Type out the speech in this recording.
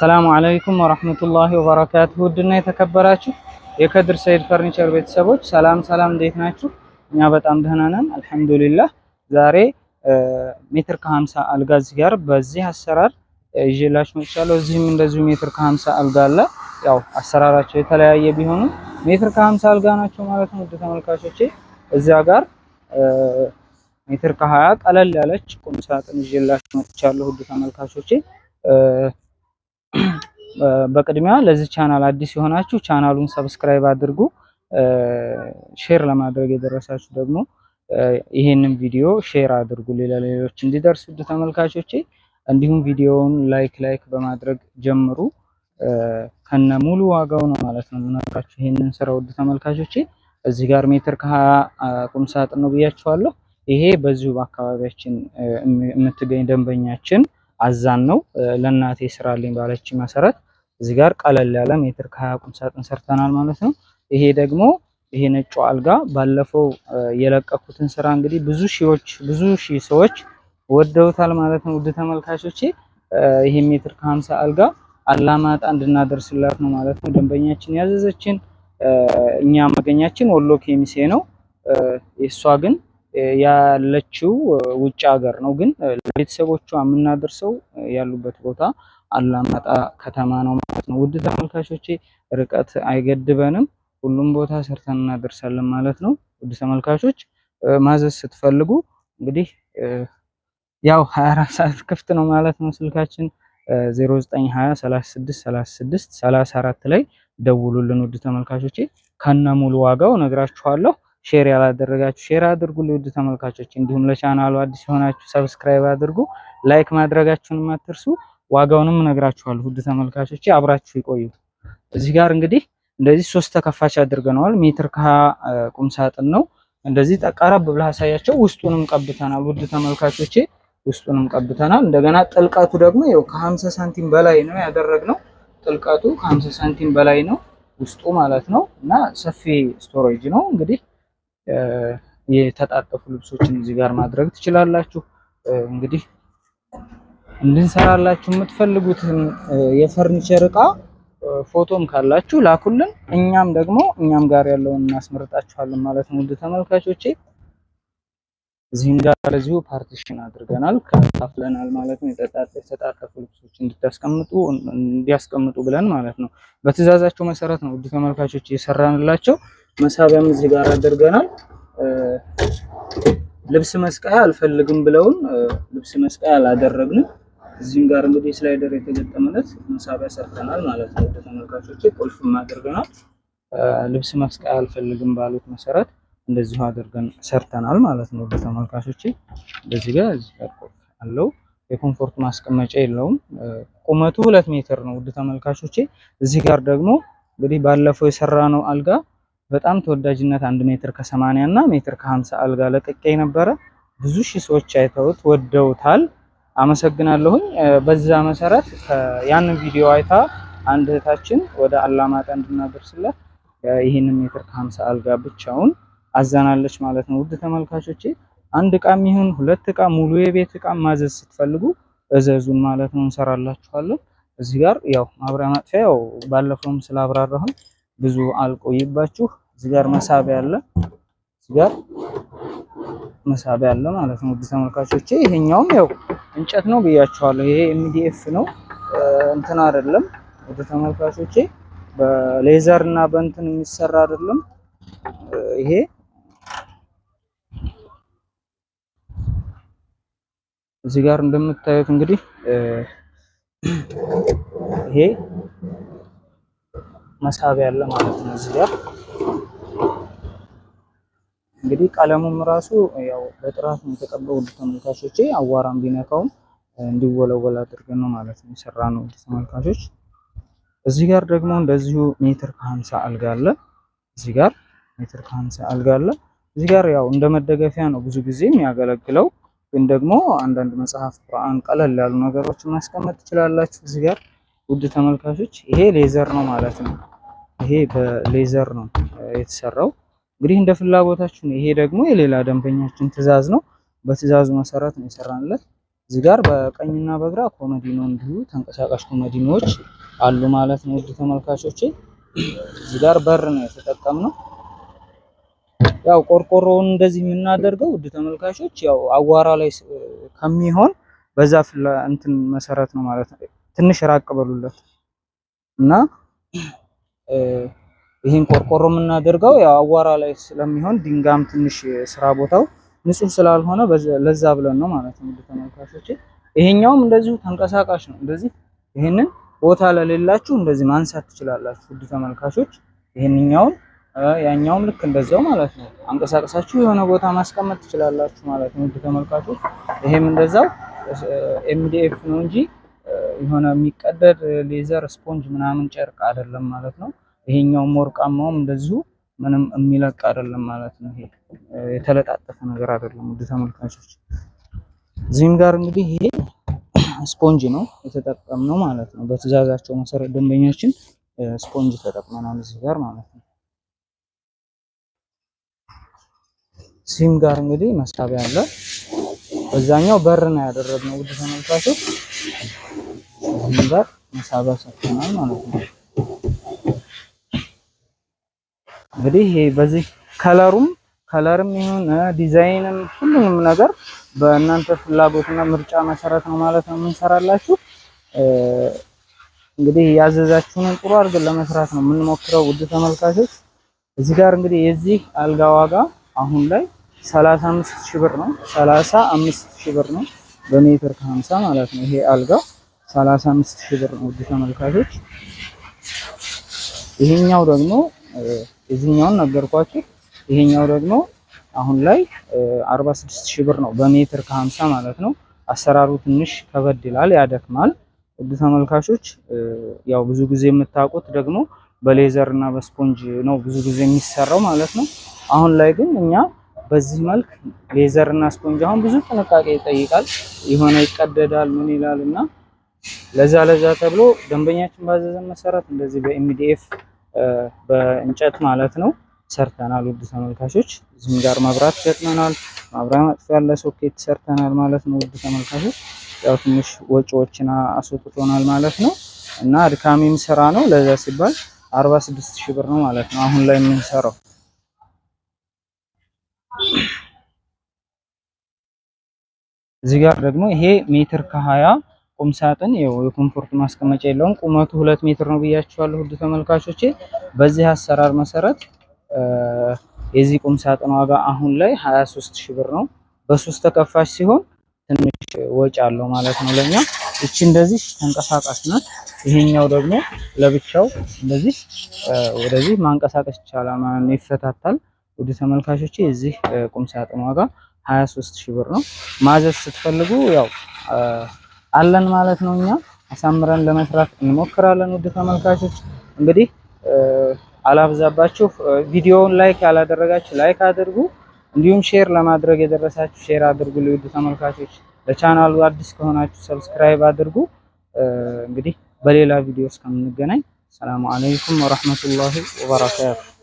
ሰላሙ አለይኩም ወራህመቱላሂ ወበረካቱሁ። ውድና የተከበራችሁ የከድር ሰይድ ፈርኒቸር ቤተሰቦች ሰላም ሰላም፣ እንዴት ናችሁ? እኛ በጣም ደህና ነን አልሐምዱሊላህ። ዛሬ ሜትር ከ50 አልጋ እዚህ ጋር በዚህ አሰራር ይዤላችሁ መጥቻለሁ። እዚህም እንደዚሁ ሜትር ከ50 አልጋ አለ። ያው አሰራራቸው የተለያየ ቢሆኑም ሜትር ከ50 አልጋ ናቸው ማለት ነው። ውድ ተመልካቾቼ እዚያ ጋር ሜትር ከ20 ቀለል ያለች ቁም ሳጥን ይዤላችሁ መጥቻለሁ። ውድ ተመልካቾቼ Uh, በቅድሚያ ለዚህ ቻናል አዲስ የሆናችሁ ቻናሉን ሰብስክራይብ አድርጉ። uh, ሼር ለማድረግ የደረሳችሁ ደግሞ uh, ይሄንን ቪዲዮ ሼር አድርጉ ሌላ ሌሎች እንዲደርስ ውድ ተመልካቾቼ፣ እንዲሁም ቪዲዮውን ላይክ ላይክ በማድረግ ጀምሩ። ከነ ሙሉ ዋጋው ነው ማለት ነው የምነግራችሁ ይሄንን ስራ ውድ ተመልካቾቼ። እዚህ ጋር ሜትር ከሀያ ቁም ሳጥን ነው ብያችኋለሁ። ይሄ በዚሁ በአካባቢያችን የምትገኝ ደንበኛችን አዛን ነው። ለእናቴ ስራልኝ ባለች መሰረት እዚህ ጋር ቀለል ያለ ሜትር ከሀያ ቁም ሳጥን ሰርተናል ማለት ነው። ይሄ ደግሞ ይሄ ነጩ አልጋ ባለፈው የለቀኩትን ስራ እንግዲህ ብዙ ሺዎች ብዙ ሺህ ሰዎች ወደውታል ማለት ነው። ውድ ተመልካቾቼ ይሄ ሜትር ከሀምሳ አልጋ አላማጣ እንድናደርስላት ነው ማለት ነው። ደንበኛችን ያዘዘችን እኛ መገኛችን ወሎ ኬሚሴ ነው። የእሷ ግን ያለችው ውጭ ሀገር ነው፣ ግን ለቤተሰቦቿ የምናደርሰው ያሉበት ቦታ አላማጣ ከተማ ነው ማለት ነው። ውድ ተመልካቾቼ ርቀት አይገድበንም፣ ሁሉም ቦታ ሰርተን እናደርሳለን ማለት ነው። ውድ ተመልካቾች ማዘዝ ስትፈልጉ እንግዲህ ያው 24 ሰዓት ክፍት ነው ማለት ነው። ስልካችን 0920 36 36 ላይ ደውሉልን። ውድ ተመልካቾቼ ከነ ሙሉ ዋጋው ነግራችኋለሁ። ሼር ያላደረጋችሁ ሼር አድርጉ ውድ ተመልካቾች። እንዲሁም ለቻናሉ አዲስ የሆናችሁ ሰብስክራይብ አድርጉ፣ ላይክ ማድረጋችሁንም አትርሱ። ዋጋውንም እነግራችኋለሁ ውድ ተመልካቾች፣ አብራችሁ ይቆዩ። እዚህ ጋር እንግዲህ እንደዚህ ሶስት ተከፋች አድርገነዋል። ሜትር ከሀያ ቁም ሳጥን ነው። እንደዚህ ጠቀረብ ብላ አሳያቸው። ውስጡንም ቀብተናል ውድ ተመልካቾቼ፣ ውስጡንም ቀብተናል። እንደገና ጥልቀቱ ደግሞ ያው ከ50 ሳንቲም በላይ ነው ያደረግነው። ጥልቀቱ ከ50 ሳንቲም በላይ ነው ውስጡ ማለት ነው። እና ሰፊ ስቶሬጅ ነው እንግዲህ የተጣጠፉ ልብሶችን እዚህ ጋር ማድረግ ትችላላችሁ። እንግዲህ እንድንሰራላችሁ የምትፈልጉትን የፈርኒቸር እቃ ፎቶም ካላችሁ ላኩልን። እኛም ደግሞ እኛም ጋር ያለውን እናስመርጣችኋለን ማለት ነው። ውድ ተመልካቾቼ እዚህም ጋር ለዚሁ ፓርቲሽን አድርገናል ከፋፍለናል ማለት ነው። የተጣጠፉ ልብሶች እንድታስቀምጡ እንዲያስቀምጡ ብለን ማለት ነው። በትዕዛዛቸው መሰረት ነው ውድ ተመልካቾች እየሰራንላቸው መሳቢያም እዚህ ጋር አድርገናል። ልብስ መስቀያ አልፈልግም ብለውን ልብስ መስቀያ አላደረግንም። እዚህም ጋር እንግዲህ ስላይደር የተገጠመለት መሳቢያ ሰርተናል ማለት ነው። ወደ ተመልካቾች ቁልፍም አድርገናል። ልብስ መስቀያ አልፈልግም ባሉት መሰረት እንደዚሁ አድርገን ሰርተናል ማለት ነው። ተመልካቾች በዚህ ጋር እዚህ ጋር ቁልፍ አለው። የኮምፎርት ማስቀመጫ የለውም። ቁመቱ ሁለት ሜትር ነው። ውድ ተመልካቾቼ እዚህ ጋር ደግሞ እንግዲህ ባለፈው የሰራ ነው አልጋ በጣም ተወዳጅነት አንድ ሜትር ከሰማንያ እና ሜትር ከሀምሳ አልጋ ለቅቄ ነበረ። ብዙ ሺህ ሰዎች አይተውት ወደውታል። አመሰግናለሁኝ። በዛ መሰረት ያንን ቪዲዮ አይታ አንድ እህታችን ወደ አላማጣ እንድናደርስለት ይህንን ሜትር ከሀምሳ አልጋ ብቻውን አዛናለች ማለት ነው። ውድ ተመልካቾቼ አንድ እቃም ይሁን ሁለት እቃ ሙሉ የቤት እቃ ማዘዝ ስትፈልጉ እዘዙን ማለት ነው፣ እንሰራላችኋለን። እዚህ ጋር ያው ማብሪያ ማጥፊያ ያው ባለፈውም ስላብራራሁን ብዙ አልቆይባችሁ እዚህ ጋር መሳቢያ አለ፣ እዚህ ጋር መሳቢያ አለ ማለት ነው። ውድ ተመልካቾቼ ይሄኛውም ያው እንጨት ነው ብያችኋለሁ። ይሄ ኤምዲኤፍ ነው እንትን አይደለም። ውድ ተመልካቾቼ በሌዘር እና በእንትን የሚሰራ አይደለም ይሄ እዚህ ጋር እንደምታዩት እንግዲህ ይሄ መሳቢያ አለ ማለት ነው እዚህ ጋር እንግዲህ ቀለሙም ራሱ ያው በጥራት ነው የተቀባው። ውድ ተመልካቾቼ አዋራም ቢነካውም እንዲወለወል አድርገን ነው ማለት ነው የሰራ ነው። ውድ ተመልካቾች እዚህ ጋር ደግሞ እንደዚሁ ሜትር ከሀምሳ አልጋ አለ። እዚህ ጋር ሜትር ከሀምሳ አልጋ አለ። እዚህ ጋር ያው እንደ መደገፊያ ነው ብዙ ጊዜ የሚያገለግለው፣ ግን ደግሞ አንዳንድ መጽሐፍ፣ ቁርአን፣ ቀለል ያሉ ነገሮችን ማስቀመጥ ትችላላችሁ። እዚህ ጋር ውድ ተመልካቾች ይሄ ሌዘር ነው ማለት ነው። ይሄ በሌዘር ነው የተሰራው። እንግዲህ እንደ ፍላጎታችን ይሄ ደግሞ የሌላ ደንበኛችን ትዕዛዝ ነው። በትዕዛዙ መሰረት ነው የሰራንለት። እዚህ ጋር በቀኝና በግራ ኮመዲኖ እንዲሁ ተንቀሳቃሽ ኮመዲኖዎች አሉ ማለት ነው። ውድ ተመልካቾች እዚህ ጋር በር ነው የተጠቀምነው። ያው ቆርቆሮውን እንደዚህ የምናደርገው ውድ ተመልካቾች ያው አዋራ ላይ ከሚሆን በዛ እንትን መሰረት ነው ማለት ነው። ትንሽ ራቅ በሉለት እና ይህን ቆርቆሮ የምናደርገው ያው አዋራ ላይ ስለሚሆን ድንጋም ትንሽ ስራ ቦታው ንጹህ ስላልሆነ ለዛ ብለን ነው ማለት ነው ተመልካቾች። ይሄኛውም እንደዚሁ ተንቀሳቃሽ ነው። እንደዚህ ይህንን ቦታ ለሌላችሁ እንደዚህ ማንሳት ትችላላችሁ ውድ ተመልካቾች። ይህንኛውም ያኛውም ልክ እንደዛው ማለት ነው። አንቀሳቀሳችሁ የሆነ ቦታ ማስቀመጥ ትችላላችሁ ማለት ነው ውድ ተመልካቾች። ይሄም እንደዛው ኤምዲኤፍ ነው እንጂ የሆነ የሚቀደድ ሌዘር ስፖንጅ ምናምን ጨርቅ አይደለም ማለት ነው። ይሄኛውም ወርቃማውም እንደዚሁ ምንም የሚለቅ አይደለም ማለት ነው። ይሄ የተለጣጠፈ ነገር አይደለም ውድ ተመልካቾች። እዚህም ጋር እንግዲህ ይሄ ስፖንጅ ነው የተጠቀምነው ማለት ነው። በትዕዛዛቸው መሰረት ደንበኛችን ስፖንጅ ተጠቅመናል እዚህ ጋር ማለት ነው። ሲም ጋር እንግዲህ መሳቢያ አለ። በዛኛው በር ነው ያደረግነው ውድ ተመልካቾች ድንበር መሳቢያ ሰጥተናል ማለት ነው። እንግዲህ በዚህ ከለሩም ከለርም ይሁን ዲዛይንም ሁሉንም ነገር በእናንተ ፍላጎትና ምርጫ መሰረት ነው ማለት ነው የምንሰራላችሁ። እንግዲህ ያዘዛችሁንን ጥሩ አድርገን ለመስራት ነው የምንሞክረው ውድ ተመልካቾች። እዚህ ጋር እንግዲህ የዚህ አልጋ ዋጋ አሁን ላይ 35000 ብር ነው። 35000 ብር ነው በሜትር ከ50 ማለት ነው ይሄ አልጋ ሰላሳ አምስት ሺህ ብር ነው። ውድ ተመልካቾች ይሄኛው ደግሞ እዚህኛውን ነገርኳችሁ። ይሄኛው ደግሞ አሁን ላይ 46 ሺህ ብር ነው በሜትር ከ50 ማለት ነው። አሰራሩ ትንሽ ከበድ ይላል፣ ያደክማል። ውድ ተመልካቾች ያው ብዙ ጊዜ የምታውቁት ደግሞ በሌዘር እና በስፖንጅ ነው ብዙ ጊዜ የሚሰራው ማለት ነው። አሁን ላይ ግን እኛ በዚህ መልክ ሌዘር እና ስፖንጅ አሁን ብዙ ጥንቃቄ ይጠይቃል። የሆነ ይቀደዳል ምን ይላል እና ለዛ ለዛ ተብሎ ደንበኛችን ባዘዘን መሰረት እንደዚህ በኤምዲኤፍ በእንጨት ማለት ነው ሰርተናል። ውድ ተመልካቾች እዚህም ጋር መብራት ገጥመናል። ማብሪያ ማጥፊያ ያለ ሶኬት ሰርተናል ማለት ነው። ውድ ተመልካቾች ያው ትንሽ ወጪዎችን አስወጥቶናል ማለት ነው እና አድካሚም ስራ ነው። ለዛ ሲባል 46 ሺህ ብር ነው ማለት ነው አሁን ላይ የምንሰራው። እዚህ ጋር ደግሞ ይሄ ሜትር ከሀያ ቁም ሳጥን ያው የኮምፎርት ማስቀመጫ የለውም። ቁመቱ ሁለት ሜትር ነው ብያችኋለሁ ውድ ተመልካቾቼ። በዚህ አሰራር መሰረት የዚህ ቁም ሳጥን ዋጋ አሁን ላይ 23 ሺህ ብር ነው። በሶስት ተከፋሽ ሲሆን ትንሽ ወጪ አለው ማለት ነው ለኛ። እቺ እንደዚህ ተንቀሳቃሽ ናት። ይሄኛው ደግሞ ለብቻው እንደዚህ ወደዚህ ማንቀሳቀስ ይቻላል ማለት ነው፣ ይፈታታል። ውድ ተመልካቾቼ የዚህ ቁም ሳጥን ዋጋ 23 ሺህ ብር ነው። ማዘዝ ስትፈልጉ ያው አለን ማለት ነው። እኛ አሳምረን ለመስራት እንሞክራለን። ውድ ተመልካቾች እንግዲህ አላብዛባችሁ። ቪዲዮውን ላይክ ያላደረጋችሁ ላይክ አድርጉ፣ እንዲሁም ሼር ለማድረግ የደረሳችሁ ሼር አድርጉ። ውድ ተመልካቾች ለቻናሉ አዲስ ከሆናችሁ ሰብስክራይብ አድርጉ። እንግዲህ በሌላ ቪዲዮ እስከምንገናኝ ሰላም አለይኩም ወራህመቱላሂ ወበረካቱ።